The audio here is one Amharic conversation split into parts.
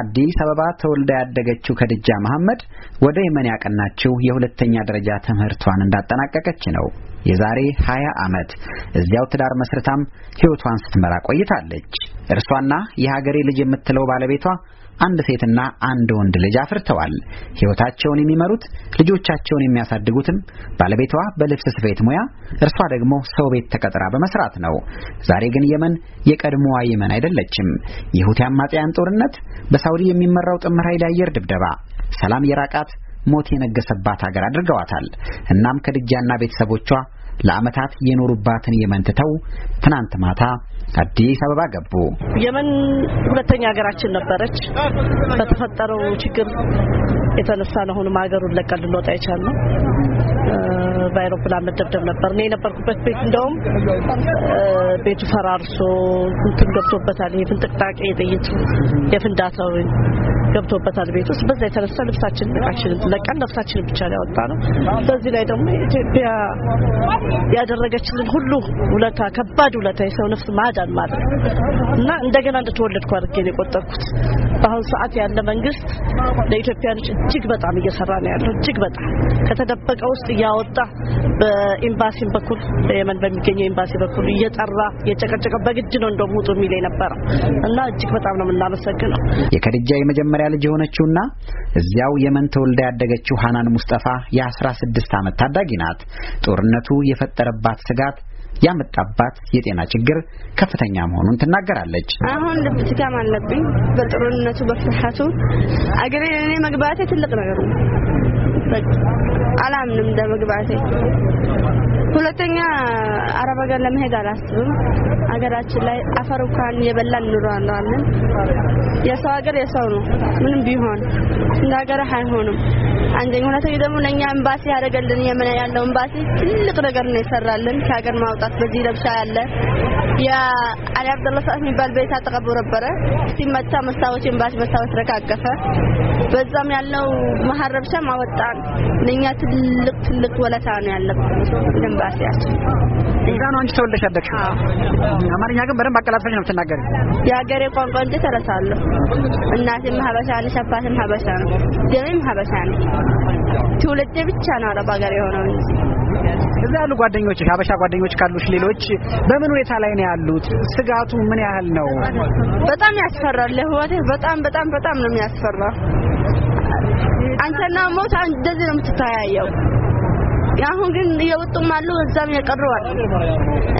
አዲስ አበባ ተወልዳ ያደገችው ከድጃ መሐመድ ወደ የመን ያቀናችው የሁለተኛ ደረጃ ትምህርቷን እንዳጠናቀቀች ነው። የዛሬ 20 ዓመት እዚያው ትዳር መስርታም ሕይወቷን ስትመራ ቆይታለች። እርሷና የሀገሬ ልጅ የምትለው ባለቤቷ አንድ ሴትና አንድ ወንድ ልጅ አፍርተዋል። ሕይወታቸውን የሚመሩት ልጆቻቸውን የሚያሳድጉትም ባለቤቷ በልብስ ስፌት ሙያ፣ እርሷ ደግሞ ሰው ቤት ተቀጥራ በመስራት ነው። ዛሬ ግን የመን የቀድሞዋ የመን አይደለችም። የሁቲ አማጽያን ጦርነት፣ በሳውዲ የሚመራው ጥምር ኃይል አየር ድብደባ፣ ሰላም የራቃት ሞት የነገሰባት ሀገር አድርገዋታል። እናም ከድጃና ቤተሰቦቿ ለዓመታት የኖሩባትን የመን ትተው ትናንት ማታ አዲስ አበባ ገቡ። የመን ሁለተኛ ሀገራችን ነበረች። በተፈጠረው ችግር የተነሳ ነው አሁንም ሀገሩን ለቀን ልንወጣ የቻልነው። በአይሮፕላን መደብደብ ነበር። እኔ የነበርኩበት ቤት እንደውም ቤቱ ፈራርሶ እንትን ገብቶበታል። ይሄ ፍንጥቅጣቄ የጥይቱ የፍንዳታው ገብቶበታል ቤት ውስጥ። በዛ የተነሳ ልብሳችን እቃችንን ለቀን ነፍሳችንን ብቻ ነው ያወጣነው። በዚህ ላይ ደግሞ ኢትዮጵያ ያደረገችልን ሁሉ ውለታ፣ ከባድ ውለታ የሰው ነፍስ ማዳን ማለት እና እንደገና እንደተወለድኩ አድርጌ ነው የቆጠርኩት። በአሁኑ ሰዓት ያለ መንግስት ለኢትዮጵያኖች እጅግ በጣም እየሰራ ነው ያለው። እጅግ በጣም ከተደበቀ ውስጥ እያወጣ በኤምባሲም በኩል በየመን በሚገኘው ኤምባሲ በኩል እየጠራ እየጨቀጨቀ በግድ ነው እንደውም ውጡ የሚል የነበረው እና እጅግ በጣም ነው የምናመሰግነው የከድጃ የመጀመሪያ ልጅ የሆነችውና እዚያው የመን ተወልዳ ያደገችው ሐናን ሙስጠፋ የ16 ዓመት ታዳጊ ናት። ጦርነቱ የፈጠረባት ስጋት ያመጣባት የጤና ችግር ከፍተኛ መሆኑን ትናገራለች። አሁን ልብስጋም አለብኝ በጦርነቱ በፍርሃቱ አገሬ እኔ መግባቴ ትልቅ ነገር ነው። አላምንም እንደ ሁለተኛ አረብ ሀገር ለመሄድ አላስብም። ሀገራችን ላይ አፈር እንኳን የበላን አለን። የሰው ሀገር የሰው ነው። ምንም ቢሆን እንደ ሀገር አይሆንም። አንደኛ ሁለተኛ ደግሞ ለኛ ኤምባሲ ያደረገልን የምን ያለው ኤምባሲ ትልቅ ነገር ነው የሰራልን ከሀገር ማውጣት። በዚህ ረብሻ ያለ ያ የአሊ አብደላ ሰዓት የሚባል ቤት ተቀብሮ ነበረ። ሲመጣ መስታወት ኤምባሲ መስታወት ረካከፈ። በዛም ያለው መሀል ረብሻ ማወጣን ለኛ ትልቅ ትልቅ ወለታ ነው ያለብን ደንባሲያችን። እዛ ነው አንቺ ተወልደሽ ያደግሽ። አማርኛ ግን በደንብ አቀላጥፈሽ ነው የምትናገሪ። የሀገሬ ቋንቋ እንዴት እረሳለሁ? እናቴም ሀበሻ ነች፣ አባቴም ሀበሻ ነው፣ ደሜም ሀበሻ ነው። ትውልዴ ብቻ ነው አረብ ሀገር የሆነው እዛ ያሉ ጓደኞች ሀበሻ ጓደኞች ካሉሽ ሌሎች በምን ሁኔታ ላይ ነው ያሉት? ስጋቱ ምን ያህል ነው? በጣም ያስፈራል። ለህይወቴ በጣም በጣም በጣም ነው የሚያስፈራው። አንተና ሞት እንደዚህ ነው የምትተያየው። አሁን ግን እየወጡም አሉ እዛም የቀረዋል።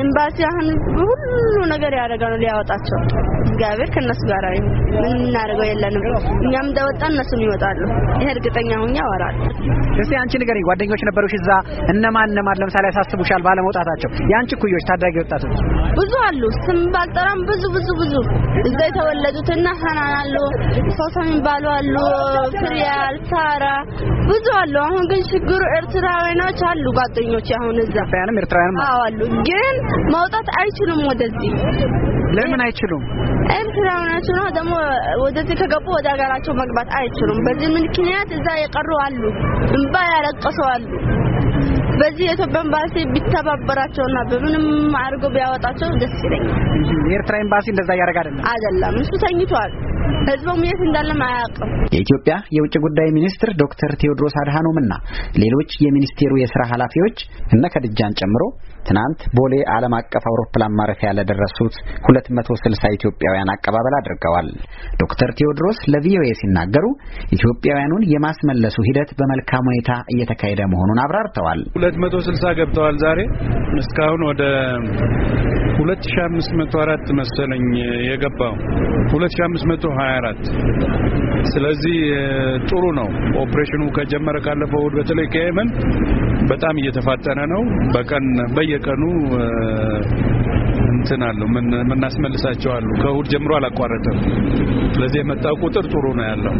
ኤምባሲ አሁን ሁሉ ነገር ያደረገ ነው ሊያወጣቸው። እግዚአብሔር ከነሱ ጋር ይሁን። ምን እናደርገው የለንም። እኛም እንደወጣ እነሱም ይወጣሉ። ይሄ እርግጠኛ ሁኛ አወራለሁ። እስቲ አንቺ ንገሪኝ፣ ጓደኞች ነበሩሽ እዛ እነማን እነማን ለምሳሌ ያሳስቡሻል ባለመውጣታቸው? የአንቺ እኩዮች ታዳጊ ወጣቶች ብዙ አሉ። ስም ባልጠራም ብዙ ብዙ ብዙ እዛ እና ሀናን አሉ፣ ሶስት የሚባሉ አሉ፣ ፍሪያል፣ ሳራ ብዙ አሉ። አሁን ግን ችግሩ ኤርትራውያኖች አሉ ጓደኞች፣ አሁን እዛ ኢትዮጵያውያንም ኤርትራውያንም አሉ፣ ግን ማውጣት አይችሉም ወደዚህ። ለምን አይችሉም? ኤርትራውያኖች ነው ደግሞ ወደዚህ ከገቡ ወደ ሀገራቸው መግባት አይችሉም። በዚህ ምክንያት እዛ የቀሩ አሉ፣ እንባ ያለቀሱ አሉ። በዚህ የኢትዮጵያ ኤምባሲ ቢተባበራቸውና በምንም አድርጎ ቢያወጣቸው ደስ ይለኛል። የኤርትራ ኤምባሲ እንደዛ እያደረገ አይደለም አይደለም፣ እሱ ተኝቷል። ህዝቡም የት እንዳለም አያውቅም። የኢትዮጵያ የውጭ ጉዳይ ሚኒስትር ዶክተር ቴዎድሮስ አድሃኖም እና ሌሎች የሚኒስቴሩ የስራ ኃላፊዎች እነ ከድጃን ጨምሮ ትናንት ቦሌ ዓለም አቀፍ አውሮፕላን ማረፊያ ለደረሱት 260 ኢትዮጵያውያን አቀባበል አድርገዋል። ዶክተር ቴዎድሮስ ለቪኦኤ ሲናገሩ ኢትዮጵያውያኑን የማስመለሱ ሂደት በመልካም ሁኔታ እየተካሄደ መሆኑን አብራርተዋል። 260 ገብተዋል። ዛሬ እስካሁን ወደ 2504 መሰለኝ የገባው 24 ስለዚህ ጥሩ ነው። ኦፕሬሽኑ ከጀመረ ካለፈው እሑድ በተለይ ከየመን በጣም እየተፋጠነ ነው። በቀን በየቀኑ እንትን አለው የምናስመልሳቸው አሉ። ከእሁድ ጀምሮ አላቋረጠም። ስለዚህ የመጣው ቁጥር ጥሩ ነው ያለው።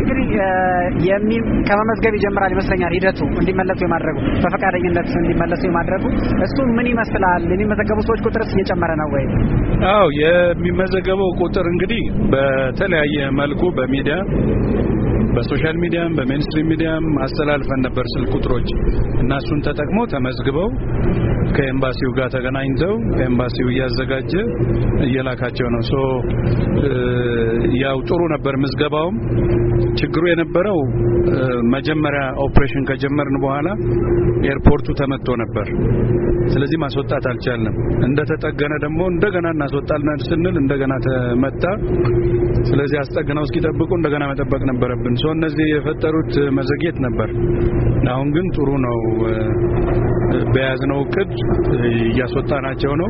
እንግዲህ ከመመዝገብ ይጀምራል ይመስለኛል ሂደቱ እንዲመለሱ የማድረጉ በፈቃደኝነት እንዲመለሱ የማድረጉ እሱ ምን ይመስላል? የሚመዘገቡ ሰዎች ቁጥርስ እየጨመረ ነው ወይ? አዎ የሚመዘገበው ቁጥር እንግዲህ በተለያየ መልኩ በሚዲያ በሶሻል ሚዲያም በሜንስትሪም ሚዲያም አስተላልፈን ነበር ስልክ ቁጥሮች እና እሱን ተጠቅሞ ተመዝግበው ከኤምባሲው ጋር ተገናኝተው ኤምባሲው እያዘጋጀ እየላካቸው ነው። ሶ ያው ጥሩ ነበር ምዝገባውም። ችግሩ የነበረው መጀመሪያ ኦፕሬሽን ከጀመርን በኋላ ኤርፖርቱ ተመቶ ነበር። ስለዚህ ማስወጣት አልቻልንም። እንደተጠገነ ደግሞ እንደገና እናስወጣልን ስንል እንደገና ተመታ። ስለዚህ አስጠግነው እስኪጠብቁ እንደገና መጠበቅ ነበረብን። ሶ እነዚህ የፈጠሩት መዘግየት ነበር። አሁን ግን ጥሩ ነው። በያዝነው እቅድ እያስወጣናቸው ነው።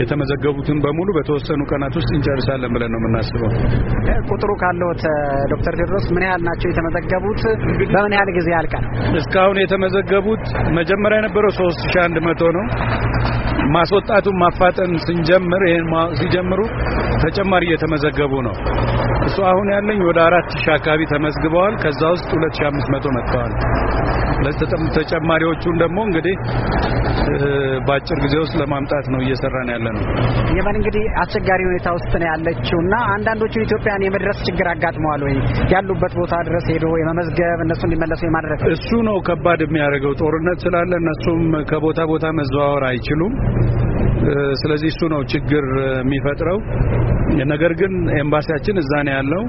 የተመዘገቡትን በሙሉ በተወሰኑ ቀናት ውስጥ እንጨርሳለን ብለን ነው የምናስበው። ቁጥሩ ካለዎት ዶክተር ቴድሮስ ምን ያህል ናቸው የተመዘገቡት? በምን ያህል ጊዜ ያልቃል? እስካሁን የተመዘገቡት መጀመሪያ የነበረው ሶስት ሺህ አንድ መቶ ነው። ማስወጣቱን ማፋጠን ስንጀምር ይሄን ሲጀምሩ ተጨማሪ እየተመዘገቡ ነው። እሱ አሁን ያለኝ ወደ አራት ሺህ አካባቢ ተመዝግበዋል። ከዛ ውስጥ 2500 መጥተዋል። ተጨማሪዎቹን ደግሞ እንግዲህ በአጭር ጊዜ ውስጥ ለማምጣት ነው እየሰራን ያለ ነው። የመን እንግዲህ አስቸጋሪ ሁኔታ ውስጥ ነው ያለችው እና አንዳንዶቹ ኢትዮጵያን የመድረስ ችግር አጋጥመዋል ወይ ያሉበት ቦታ ድረስ ሄዶ የመመዝገብ እነሱ እንዲመለሱ የማድረግ እሱ ነው ከባድ የሚያደርገው ጦርነት ስላለ እነሱም ከቦታ ቦታ መዘዋወር አይችሉም። ስለዚህ እሱ ነው ችግር የሚፈጥረው። ነገር ግን ኤምባሲያችን እዛ ነው ያለው።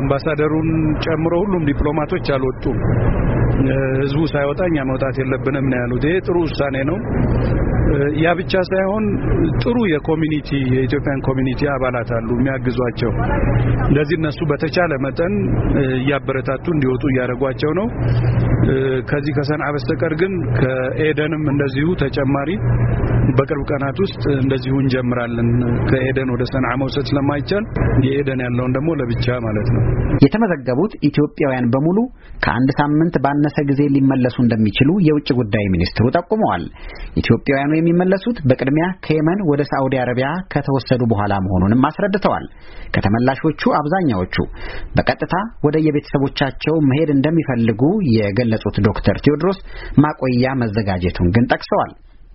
አምባሳደሩን ጨምሮ ሁሉም ዲፕሎማቶች አልወጡም። ህዝቡ ሳይወጣ እኛ መውጣት የለብንም ነው ያሉት። ይሄ ጥሩ ውሳኔ ነው። ያ ብቻ ሳይሆን ጥሩ የኮሚኒቲ የኢትዮጵያን ኮሚኒቲ አባላት አሉ የሚያግዟቸው። እንደዚህ እነሱ በተቻለ መጠን እያበረታቱ እንዲወጡ እያደረጓቸው ነው። ከዚህ ከሰንዓ በስተቀር ግን ከኤደንም እንደዚሁ ተጨማሪ በቅርብ ቀናት ውስጥ እንደዚሁ እንጀምራለን። ከኤደን ወደ ሰንዓ መውሰድ ስለማይቻል የኤደን ያለውን ደግሞ ለብቻ ማለት ነው። የተመዘገቡት ኢትዮጵያውያን በሙሉ ከአንድ ሳምንት ባነሰ ጊዜ ሊመለሱ እንደሚችሉ የውጭ ጉዳይ ሚኒስትሩ ጠቁመዋል። ኢትዮጵያውያኑ የሚመለሱት በቅድሚያ ከየመን ወደ ሳዑዲ አረቢያ ከተወሰዱ በኋላ መሆኑንም አስረድተዋል። ከተመላሾቹ አብዛኛዎቹ በቀጥታ ወደ የቤተሰቦቻቸው መሄድ እንደሚፈልጉ የገለጹት ዶክተር ቴዎድሮስ ማቆያ መዘጋጀቱን ግን ጠቅሰዋል።